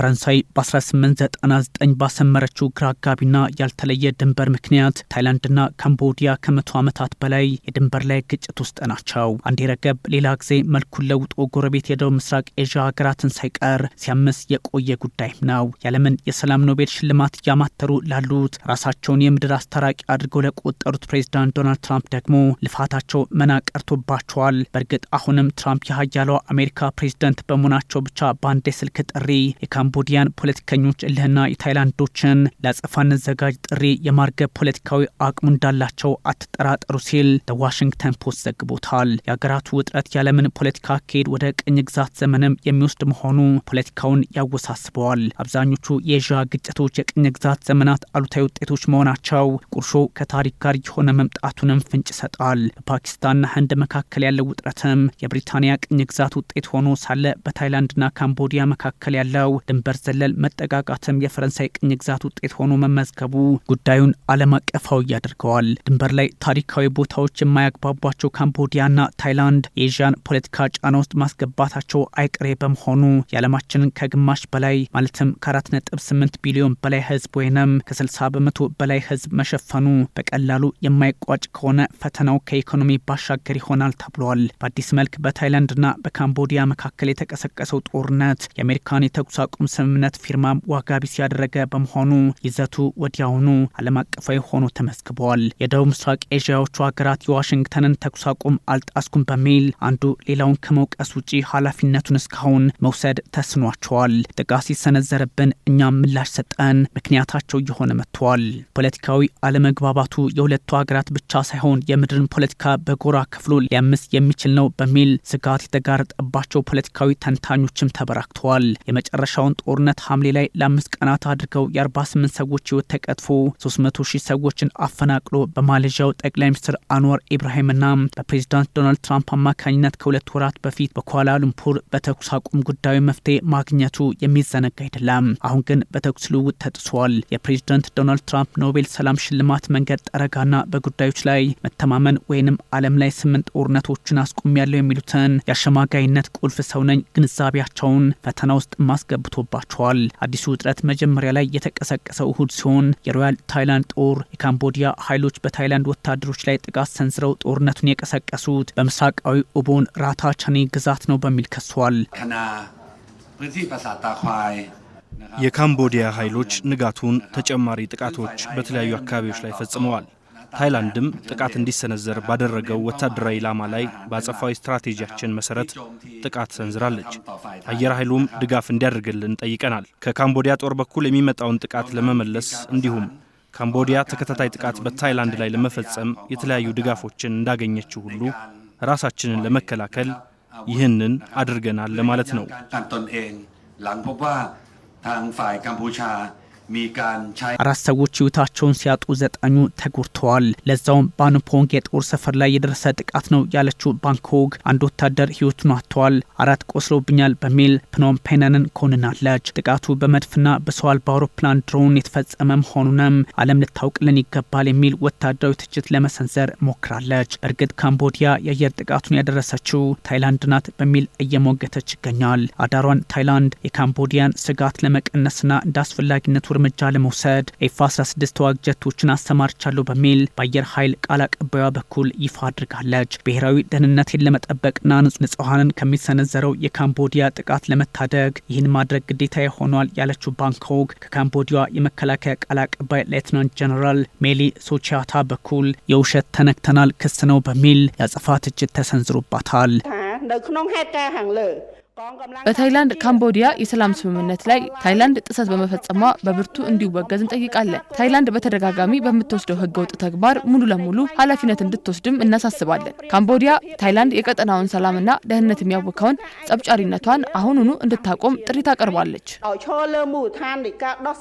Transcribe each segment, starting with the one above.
ፈረንሳይ በ1899 ባሰመረችው ግራ አጋቢና ያልተለየ ድንበር ምክንያት ታይላንድና ካምቦዲያ ከመቶ ዓመታት በላይ የድንበር ላይ ግጭት ውስጥ ናቸው። አንዴ ረገብ ሌላ ጊዜ መልኩን ለውጦ ጎረቤት የደቡብ ምስራቅ ኤዥያ ሀገራትን ሳይቀር ሲያምስ የቆየ ጉዳይም ነው። የዓለምን የሰላም ኖቤል ሽልማት እያማተሩ ላሉት ራሳቸውን የምድር አስታራቂ አድርገው ለቆጠሩት ፕሬዚዳንት ዶናልድ ትራምፕ ደግሞ ልፋታቸው መና ቀርቶባቸዋል። በእርግጥ አሁንም ትራምፕ የሀያሏ አሜሪካ ፕሬዚደንት በመሆናቸው ብቻ በአንድ የስልክ ጥሪ የካም የካምቦዲያን ፖለቲከኞች እልህና የታይላንዶችን ለአጸፋ እንዘጋጅ ጥሪ የማርገብ ፖለቲካዊ አቅሙ እንዳላቸው አትጠራጠሩ ሲል ዋሽንግተን ፖስት ዘግቦታል። የሀገራቱ ውጥረት ያለምን ፖለቲካ አካሄድ ወደ ቅኝ ግዛት ዘመንም የሚወስድ መሆኑ ፖለቲካውን ያወሳስበዋል። አብዛኞቹ የኤዥያ ግጭቶች የቅኝ ግዛት ዘመናት አሉታዊ ውጤቶች መሆናቸው ቁርሾ ከታሪክ ጋር የሆነ መምጣቱንም ፍንጭ ይሰጣል። በፓኪስታንና ህንድ መካከል ያለው ውጥረትም የብሪታንያ ቅኝ ግዛት ውጤት ሆኖ ሳለ በታይላንድና ካምቦዲያ መካከል ያለው ድንበር ዘለል መጠቃቃትም የፈረንሳይ ቅኝ ግዛት ውጤት ሆኖ መመዝገቡ ጉዳዩን ዓለም አቀፋዊ ያደርገዋል። ድንበር ላይ ታሪካዊ ቦታዎች የማያግባቧቸው ካምቦዲያና ታይላንድ የኤዥያን ፖለቲካ ጫና ውስጥ ማስገባታቸው አይቅሬ በመሆኑ የዓለማችንን ከግማሽ በላይ ማለትም ከ4.8 ቢሊዮን በላይ ህዝብ ወይንም ከ60 በመቶ በላይ ህዝብ መሸፈኑ በቀላሉ የማይቋጭ ከሆነ ፈተናው ከኢኮኖሚ ባሻገር ይሆናል ተብሏል። በአዲስ መልክ በታይላንድና በካምቦዲያ መካከል የተቀሰቀሰው ጦርነት የአሜሪካን የተኩስ የአቁም ስምምነት ፊርማም ዋጋቢ ያደረገ በመሆኑ ይዘቱ ወዲያውኑ ዓለም አቀፋዊ ሆኖ ተመዝግበዋል። የደቡብ ምስራቅ ኤዥያዎቹ ሀገራት የዋሽንግተንን ተኩስ አቁም አልጣስኩም በሚል አንዱ ሌላውን ከመውቀስ ውጪ ኃላፊነቱን እስካሁን መውሰድ ተስኗቸዋል። ጥቃት ሲሰነዘርብን እኛም ምላሽ ሰጠን፣ ምክንያታቸው እየሆነ መጥተዋል። ፖለቲካዊ አለመግባባቱ የሁለቱ ሀገራት ብቻ ሳይሆን የምድርን ፖለቲካ በጎራ ከፍሎ ሊያምስ የሚችል ነው በሚል ስጋት የተጋረጠባቸው ፖለቲካዊ ተንታኞችም ተበራክተዋል። የመጨረሻው የሶሪያውን ጦርነት ሐምሌ ላይ ለአምስት ቀናት አድርገው የ48 ሰዎች ህይወት ተቀጥፎ 300 ሺህ ሰዎችን አፈናቅሎ በማሌዥያው ጠቅላይ ሚኒስትር አንዋር ኢብራሂምና በፕሬዚዳንት ዶናልድ ትራምፕ አማካኝነት ከሁለት ወራት በፊት በኳላ በተኩስ አቁም ጉዳዩ መፍትሄ ማግኘቱ የሚዘነጋ አይደለም። አሁን ግን በተኩስ ልውውጥ ተጥሷል። የፕሬዚዳንት ዶናልድ ትራምፕ ኖቤል ሰላም ሽልማት መንገድ ጠረጋና በጉዳዮች ላይ መተማመን ወይንም ዓለም ላይ ስምንት ጦርነቶችን አስቆሚያለሁ የሚሉትን የአሸማጋይነት ቁልፍ ሰው ነኝ ግንዛቤያቸውን ፈተና ውስጥ ማስገብቶ ደርሶባቸዋል። አዲሱ ውጥረት መጀመሪያ ላይ የተቀሰቀሰው እሁድ ሲሆን የሮያል ታይላንድ ጦር የካምቦዲያ ኃይሎች በታይላንድ ወታደሮች ላይ ጥቃት ሰንዝረው ጦርነቱን የቀሰቀሱት በምስራቃዊ ኦቦን ራታ ቻኔ ግዛት ነው በሚል ከሷል። የካምቦዲያ ኃይሎች ንጋቱን ተጨማሪ ጥቃቶች በተለያዩ አካባቢዎች ላይ ፈጽመዋል። ታይላንድም ጥቃት እንዲሰነዘር ባደረገው ወታደራዊ ኢላማ ላይ በአጸፋዊ ስትራቴጂያችን መሰረት ጥቃት ሰንዝራለች። አየር ኃይሉም ድጋፍ እንዲያደርግልን ጠይቀናል። ከካምቦዲያ ጦር በኩል የሚመጣውን ጥቃት ለመመለስ እንዲሁም ካምቦዲያ ተከታታይ ጥቃት በታይላንድ ላይ ለመፈጸም የተለያዩ ድጋፎችን እንዳገኘችው ሁሉ ራሳችንን ለመከላከል ይህንን አድርገናል ለማለት ነው። አራት ሰዎች ህይወታቸውን ሲያጡ ዘጠኙ ተጎድተዋል። ለዛውም ባንፖንግ የጦር ሰፈር ላይ የደረሰ ጥቃት ነው ያለችው ባንኮግ አንድ ወታደር ህይወቱን አጥተዋል፣ አራት ቆስለውብኛል በሚል ፕኖም ፔነንን ኮንናለች። ጥቃቱ በመድፍና በሰው አልባ አውሮፕላን ድሮን የተፈጸመ መሆኑንም ዓለም ልታውቅልን ይገባል የሚል ወታደራዊ ትችት ለመሰንዘር ሞክራለች። እርግጥ ካምቦዲያ የአየር ጥቃቱን ያደረሰችው ታይላንድ ናት በሚል እየሞገተች ይገኛል። አዳሯን ታይላንድ የካምቦዲያን ስጋት ለመቀነስና እንደ አስፈላጊነቱ እርምጃ ለመውሰድ ኤፍ 16 ተዋጊ ጀቶችን አሰማርቻለሁ በሚል በአየር ኃይል ቃል አቀባዩዋ በኩል ይፋ አድርጋለች። ብሔራዊ ደህንነትን ለመጠበቅና ንጹሐንን ከሚሰነዘረው የካምቦዲያ ጥቃት ለመታደግ ይህን ማድረግ ግዴታ ሆኗል ያለችው ባንኮክ ከካምቦዲያ የመከላከያ ቃል አቀባይ ሌትናንት ጀነራል ሜሊ ሶቺያታ በኩል የውሸት ተነክተናል ክስ ነው በሚል የአጸፋ ትችት ተሰንዝሮባታል። በታይላንድ ካምቦዲያ የሰላም ስምምነት ላይ ታይላንድ ጥሰት በመፈጸሟ በብርቱ እንዲወገዝ እንጠይቃለን። ታይላንድ በተደጋጋሚ በምትወስደው ህገወጥ ተግባር ሙሉ ለሙሉ ኃላፊነት እንድትወስድም እናሳስባለን። ካምቦዲያ ታይላንድ የቀጠናውን ሰላምና ደህንነት የሚያውከውን ጸብጫሪነቷን አሁኑኑ እንድታቆም ጥሪ ታቀርባለች።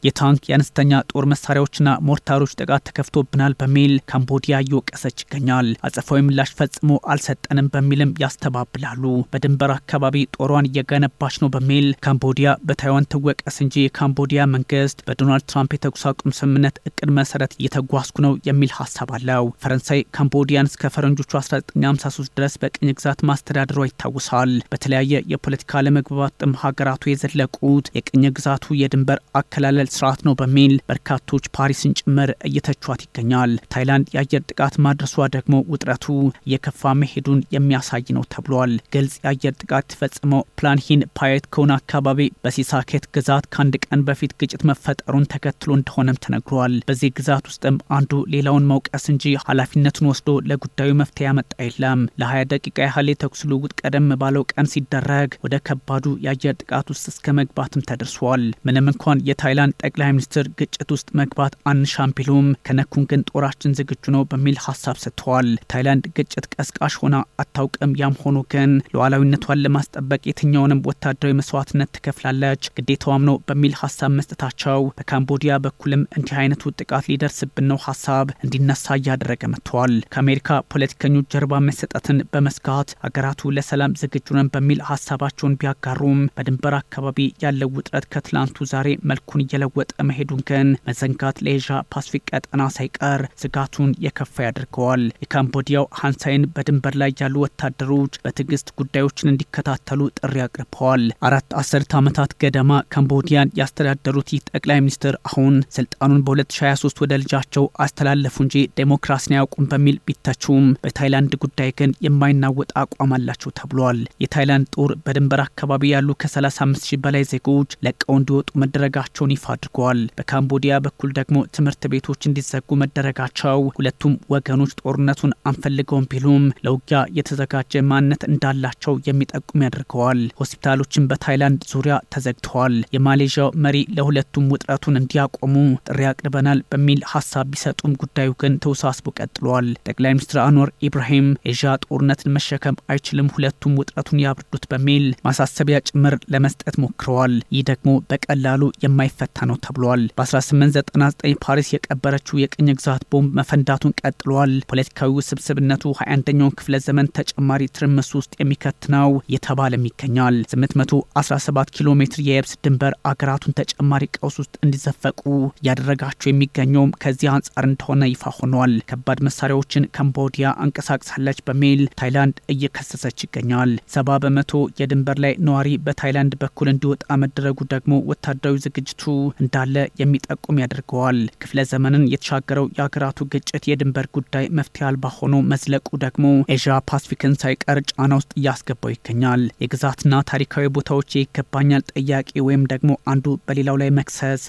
የታንክ የአነስተኛ ጦር መሳሪያዎችና ሞርታሮች ጥቃት ተከፍቶብናል በሚል ካምቦዲያ እየወቀሰች ይገኛል። አጸፋዊ ምላሽ ፈጽሞ አልሰጠንም በሚልም ያስተባብላሉ። በድንበር አካባቢ ጦሯን እየገነባች ነው በሚል ካምቦዲያ በታይዋን ትወቀስ እንጂ የካምቦዲያ መንግስት በዶናልድ ትራምፕ የተኩስ አቁም ስምምነት እቅድ መሰረት እየተጓዝኩ ነው የሚል ሀሳብ አለው። ፈረንሳይ ካምቦዲያን እስከ ፈረንጆቹ 1953 ድረስ በቅኝ ግዛት ማስተዳደሯ ይታወሳል። በተለያየ የፖለቲካ አለመግባባት ጥም ሀገራቱ የዘለቁት የቅኝ ግዛቱ የድንበር አከላለል ስርዓት ነው በሚል በርካቶች ፓሪስን ጭምር እየተቿት ይገኛል። ታይላንድ የአየር ጥቃት ማድረሷ ደግሞ ውጥረቱ የከፋ መሄዱን የሚያሳይ ነው ተብሏል። ግልጽ የአየር ጥቃት ፈጽመው ፕላንሂን ፓየት ከሆነ አካባቢ በሲሳኬት ግዛት ከአንድ ቀን በፊት ግጭት መፈጠሩን ተከትሎ እንደሆነም ተነግሯል። በዚህ ግዛት ውስጥም አንዱ ሌላውን መውቀስ እንጂ ኃላፊነቱን ወስዶ ለጉዳዩ መፍትሄ ያመጣ የለም። ለ20 ደቂቃ ያህል የተኩስ ልውውጥ ቀደም ባለው ቀን ሲደረግ ወደ ከባዱ የአየር ጥቃት ውስጥ እስከ መግባትም ተደርሷል። ምንም እንኳን የታይላንድ ጠቅላይ ሚኒስትር ግጭት ውስጥ መግባት አንሻም ቢሉም ከነኩን ግን ጦራችን ዝግጁ ነው በሚል ሀሳብ ሰጥተዋል። ታይላንድ ግጭት ቀስቃሽ ሆና አታውቅም። ያም ሆኖ ግን ሉዓላዊነቷን ለማስጠበቅ የትኛ የትኛውንም ወታደራዊ መስዋዕትነት ትከፍላለች፣ ግዴታዋም ነው በሚል ሀሳብ መስጠታቸው በካምቦዲያ በኩልም እንዲህ አይነቱ ጥቃት ሊደርስብን ነው ሀሳብ እንዲነሳ እያደረገ መጥተዋል። ከአሜሪካ ፖለቲከኞች ጀርባ መሰጠትን በመስጋት አገራቱ ለሰላም ዝግጁ ነን በሚል ሀሳባቸውን ቢያጋሩም በድንበር አካባቢ ያለው ውጥረት ከትላንቱ ዛሬ መልኩን እየለወጠ መሄዱን ግን መዘንጋት ለኤዥያ ፓስፊክ ቀጠና ሳይቀር ስጋቱን የከፋ ያደርገዋል። የካምቦዲያው ሀንሳይን በድንበር ላይ ያሉ ወታደሮች በትዕግስት ጉዳዮችን እንዲከታተሉ ጥሪ አቅርበዋል። አራት አስርት ዓመታት ገደማ ካምቦዲያን ያስተዳደሩት ይህ ጠቅላይ ሚኒስትር አሁን ስልጣኑን በ2023 ወደ ልጃቸው አስተላለፉ እንጂ ዴሞክራሲን አያውቁም በሚል ቢተቹም በታይላንድ ጉዳይ ግን የማይናወጥ አቋም አላቸው ተብሏል። የታይላንድ ጦር በድንበር አካባቢ ያሉ ከ35 ሺህ በላይ ዜጎች ለቀው እንዲወጡ መደረጋቸውን ይፋ አድርጓል። በካምቦዲያ በኩል ደግሞ ትምህርት ቤቶች እንዲዘጉ መደረጋቸው ሁለቱም ወገኖች ጦርነቱን አንፈልገውም ቢሉም ለውጊያ የተዘጋጀ ማንነት እንዳላቸው የሚጠቁም ያደርገዋል። ተገኝተዋል። ሆስፒታሎችን በታይላንድ ዙሪያ ተዘግተዋል። የማሌዥያው መሪ ለሁለቱም ውጥረቱን እንዲያቆሙ ጥሪ አቅርበናል በሚል ሀሳብ ቢሰጡም ጉዳዩ ግን ተወሳስቦ ቀጥሏል። ጠቅላይ ሚኒስትር አንዋር ኢብራሂም ኤዥያ ጦርነትን መሸከም አይችልም፣ ሁለቱም ውጥረቱን ያብርዱት በሚል ማሳሰቢያ ጭምር ለመስጠት ሞክረዋል። ይህ ደግሞ በቀላሉ የማይፈታ ነው ተብሏል። በ1899 ፓሪስ የቀበረችው የቅኝ ግዛት ቦምብ መፈንዳቱን ቀጥሏል። ፖለቲካዊ ውስብስብነቱ 21ኛውን ክፍለ ዘመን ተጨማሪ ትርምስ ውስጥ የሚከትነው የተባለም ይገኛል። ይገኛል። 817 ኪሎ ሜትር የየብስ ድንበር አገራቱን ተጨማሪ ቀውስ ውስጥ እንዲዘፈቁ እያደረጋቸው የሚገኘውም ከዚህ አንጻር እንደሆነ ይፋ ሆኗል። ከባድ መሳሪያዎችን ካምቦዲያ አንቀሳቅሳለች በሚል ታይላንድ እየከሰሰች ይገኛል። ሰባ በመቶ የድንበር ላይ ነዋሪ በታይላንድ በኩል እንዲወጣ መደረጉ ደግሞ ወታደራዊ ዝግጅቱ እንዳለ የሚጠቁም ያደርገዋል። ክፍለ ዘመንን የተሻገረው የሀገራቱ ግጭት የድንበር ጉዳይ መፍትሄ አልባ ሆኖ መዝለቁ ደግሞ ኤዥያ ፓሲፊክን ሳይቀር ጫና ውስጥ እያስገባው ይገኛል። የግዛት የጥናትና ታሪካዊ ቦታዎች የይገባኛል ጥያቄ ወይም ደግሞ አንዱ በሌላው ላይ መክሰስ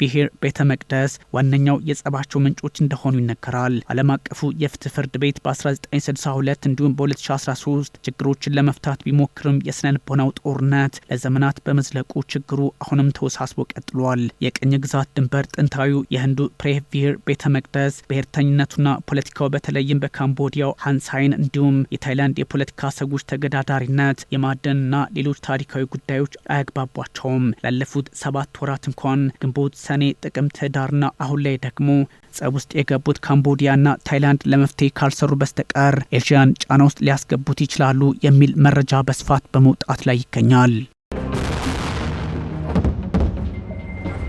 ቪሄር ቤተ መቅደስ ዋነኛው የጸባቸው ምንጮች እንደሆኑ ይነገራል። ዓለም አቀፉ የፍትህ ፍርድ ቤት በ1962 እንዲሁም በ2013 ችግሮችን ለመፍታት ቢሞክርም የስነ ልቦናው ጦርነት ለዘመናት በመዝለቁ ችግሩ አሁንም ተወሳስቦ ቀጥሏል። የቅኝ ግዛት ድንበር ጥንታዊ የህንዱ ቪሄር ቤተ መቅደስ ብሔርተኝነቱና ፖለቲካው በተለይም በካምቦዲያው ሃንሳይን እንዲሁም የታይላንድ የፖለቲካ ሰጎች ተገዳዳሪነት የማደንና እና ሌሎች ታሪካዊ ጉዳዮች አያግባቧቸውም። ላለፉት ሰባት ወራት እንኳን ግንቦት፣ ሰኔ፣ ጥቅምት፣ ህዳርና አሁን ላይ ደግሞ ጸብ ውስጥ የገቡት ካምቦዲያና ታይላንድ ለመፍትሄ ካልሰሩ በስተቀር ኤዥያን ጫና ውስጥ ሊያስገቡት ይችላሉ የሚል መረጃ በስፋት በመውጣት ላይ ይገኛል።